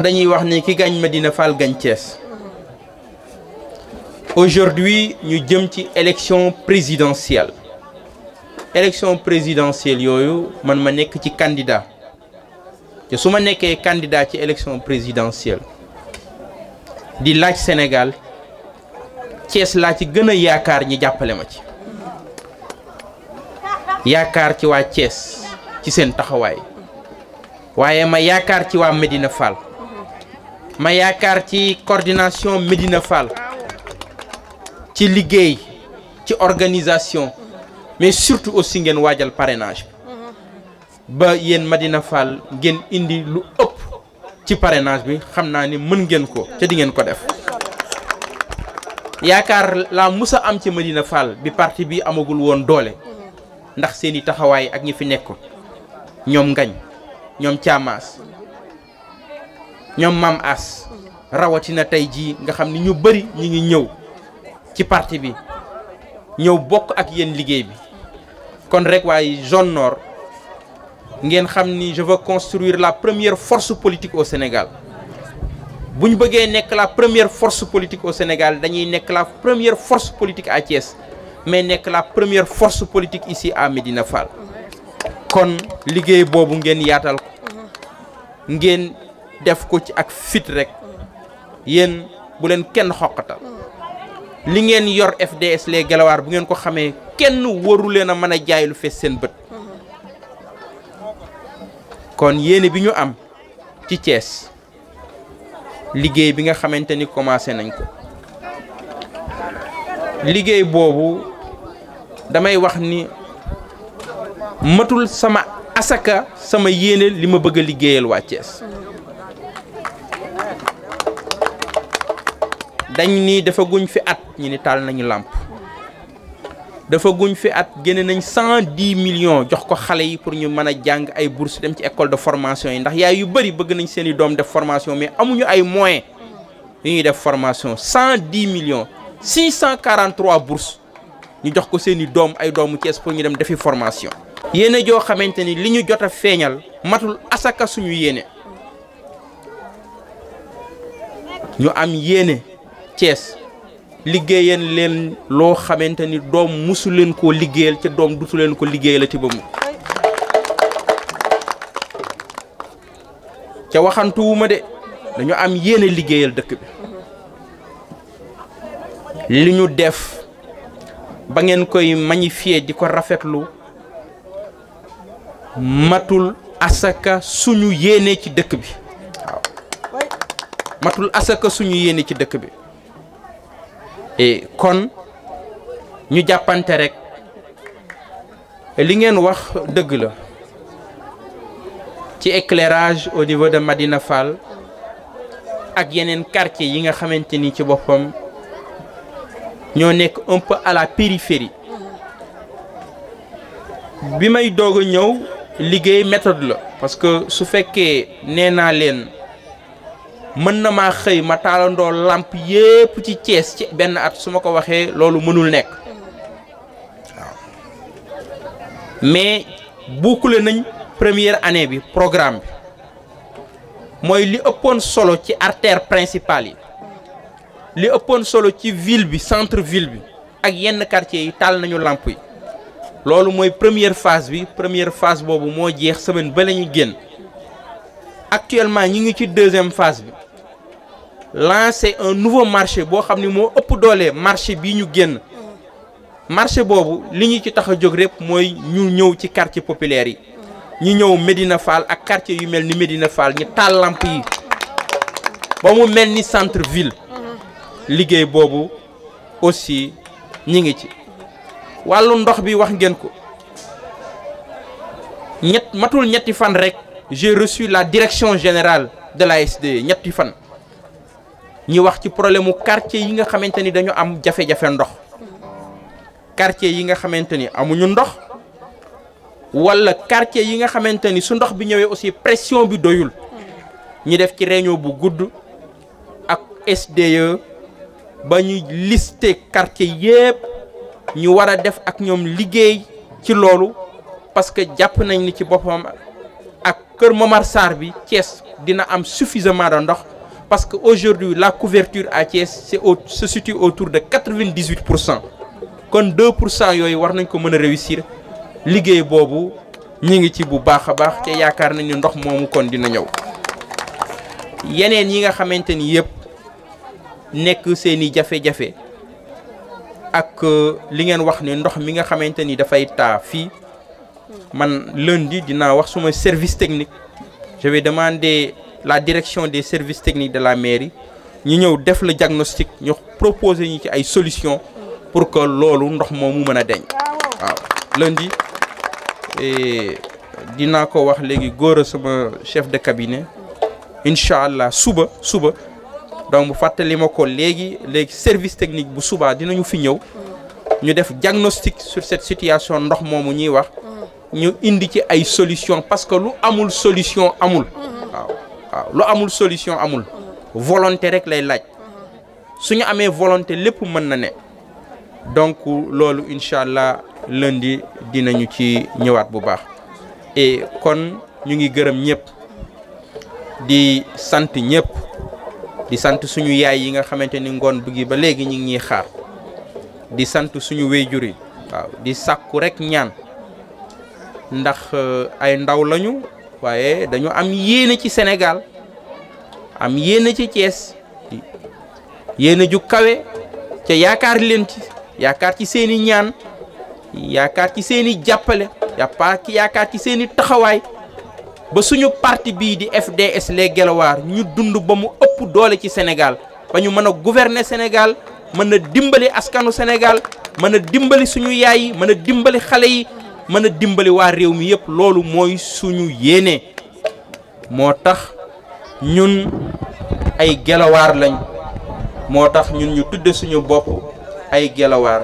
dañuy wax ni ki gañ Medina Fall gañ Thiès aujourd'hui ñu jëm ci élection présidentielle élection présidentielle yooyu man ma nekk ci candidat te su ma nekkee candidat ci élection présidentielle di laaj Sénégal Thiès laa ci gën a yaakaar ñi jàppale ma ci yaakaar ci waa Thiès ci seen taxawaay waaye ma yaakaar ci waa Medina Fall ma yaakaar ci coordination Médina Fall ci liggéey ci organisation mais surtout aussi ngeen waajal parrainage ba yéen Médina Fall ngeen indi lu ëpp ci parrainage bi xam naa ni mën ngeen ko te di ngeen ko def yaakaar laa musa am ci Médina Fall bi parti bi amagul woon doole ndax seeni taxawaay ak ñi fi nekk ñoom ngañ ñoom caamaas ñoom maam as rawatina tey jii nga xam ni ñu bëri ñu ngi ñëw ci parti bi ñëw bokk ak yéen liggéey bi kon rek waaye zone nord ngeen xam ni je veux construire la première force politique au Sénégal bu ñu bëggee nekk la première force politique au Sénégal dañuy nekk la première force politique à Thiès mais nekk la première force politique ici à Médina Fall kon liggéey boobu ngeen yaatal ko ngeen def ko ci ak fit rekk yéen bu leen kenn xoqatal li ngeen yor FDS les Guelwaar bu ngeen ko xamee kenn waru leen a mën a jaay lu fees seen bët kon yéene bi ñu am ci Thiès liggéey bi nga xamante ni commencé nañ ko liggéey boobu damay wax ni matul sama asaka sama yéene li ma bëgg a liggéeyal waa Thiès dañ nii dafa guñ fi at ñu ni taal nañu làmp dafa guñ fi at génne nañ cent dix millions jox ko xale yi pour ñu mën a jàng ay bourse dem ci école de formation yi ndax yaay yu bëri bëgg nañ seeni doom def formation mais amuñu ay moyens yu ñuy def formation cent dix millions six cent quarante trois ñu jox ko seen i doom ay doomu Cees pour ñu dem defi formation. yéene joo xamante ni li ñu jot a feeñal matul asaka suñu yéene ñu am yéene. cees liggéeyeen leen loo xamante ni doom musu leen koo liggéeyal ca doom dutu leen ko liggéeyalati ba mu ca waxantuwuma de dañu am yéene liggéeyal dëkk bi li ñu def ba ngeen koy magnifier di ko rafetlu matul asaka suñu yéene suñu yéene ci dëkk bi et kon ñu jàppante rek li ngeen wax dëgg la ci éclairage au niveau de Madina ak yeneen quartier yi nga xamante ni ci boppam ñoo nekk un peu à la périphérie bi may doog ñëw liggéey méthode la parce que su fekkee nee mën na maa xëy ma taalandoo làmp yépp ci Thiès ci benn at su ma ko waxee loolu mënul nekk mais boucler nañ première année bi programme bi mooy li ëppoon solo ci artère principale yi li ëppoon solo ci ville bi centre ville bi ak yenn quartier yi taal nañu làmp yi loolu mooy première phase bi première phase boobu moo jeex semaine ba la ñu génn actuellement ñi ngi ci deuxième phase bi lancer un nouveau marché boo xam ni moo ëpp doole marché bii ñu génn marché boobu li ñu ci tax a jóg rek mooy ñu ñëw ci quartier populaire yi ñu ñëw Médina Fall ak quartier yu mel ni Médina Fall ñu taal lamp yi ba mu mel ni centre ville liggéey boobu aussi ñi ngi ci wàllu ndox bi wax ngeen ko ñett matul ñetti fan rek j'ai reçu la direction général de l'ASD e, ñetti fan ñi wax ci problème mu quartier yi nga xamante ni dañu am jafe-jafe ndox quartier yi nga xamante ni amuñu ndox wala quartier yi nga xamante ni su ndox bi ñëwee aussi pression bi doyul ñu def ci réunion bu gudd ak SDE ba ñu lister quartier yépp ñu war a def ak ñoom liggéey ci loolu parce que jàpp nañ ni ci boppam ak Kër Momar bi Thiès dina am suffisamment de ndox parce qu'aujourd'hui, la couverture à Thiès au, se situe autour de 98%. Kon 2% yooyu war nañ ko mën a réussir liggéey boobu ñi ngi ci bu baax a baax te yaakaar nañ ne ndox moomu kon dina ñëw yeneen yi nga xamante ni yëpp nekk seeni jafe-jafe ak euh, li ngeen wax ne ndox mi nga xamante ni dafay taa fii man lundi dinaa wax suma service technique je vais la direction des services technique de la mairie ñu ñëw def la diagnostic ñu proposer ñu ci ay solutions pour que loolu ndox mu mën a deñ waaw lundi dinaa ko wax léegi góor a sama chef de cabinet incha allah suba suba donc bu fàttali ma ko léegi léegi service technique bu subaa dinañu fi ñëw ñu def diagnostic sur cette situation ndox moomu ñuy wax ñu indi ci ay solutions parce que lu amul solution amul. waaw lu amul solution amul volonté rek lay laaj su ñu amee volonté lépp mën na ne donc loolu incha allah lundi dinañu ci ñëwaat bu baax et kon ñu ngi gërëm ñëpp di sant ñëpp di sant suñu yaay yi nga xamante ni ngoon bu gi ba léegi ñu ngi ñuy xaar di sant suñu wéyjur yi waaw di sàkku rek ñaan ndax euh, ay ndaw lañu waaye dañu am yéene ci Sénégal am yéene ci Thiès yéene ju kawe ca yaakaar lent yaakaar ci seeni ñaan yaakaar ci seeni jàppale yaakaar ci yaakaar ci seeni taxawaay ba suñu parti bii di FDS les Guelwaar ñu dund ba mu ëpp doole ci Sénégal ba ñu mën a gouverner Sénégal mën a dimbali askanu Sénégal mën a dimbali suñu yaay yi mën a dimbali xale yi mën a dimbali waa réew mi yëpp loolu mooy suñu yéene moo tax ñun ay gelawaar lañ moo tax ñun ñu tudde suñu bopp ay gelawaar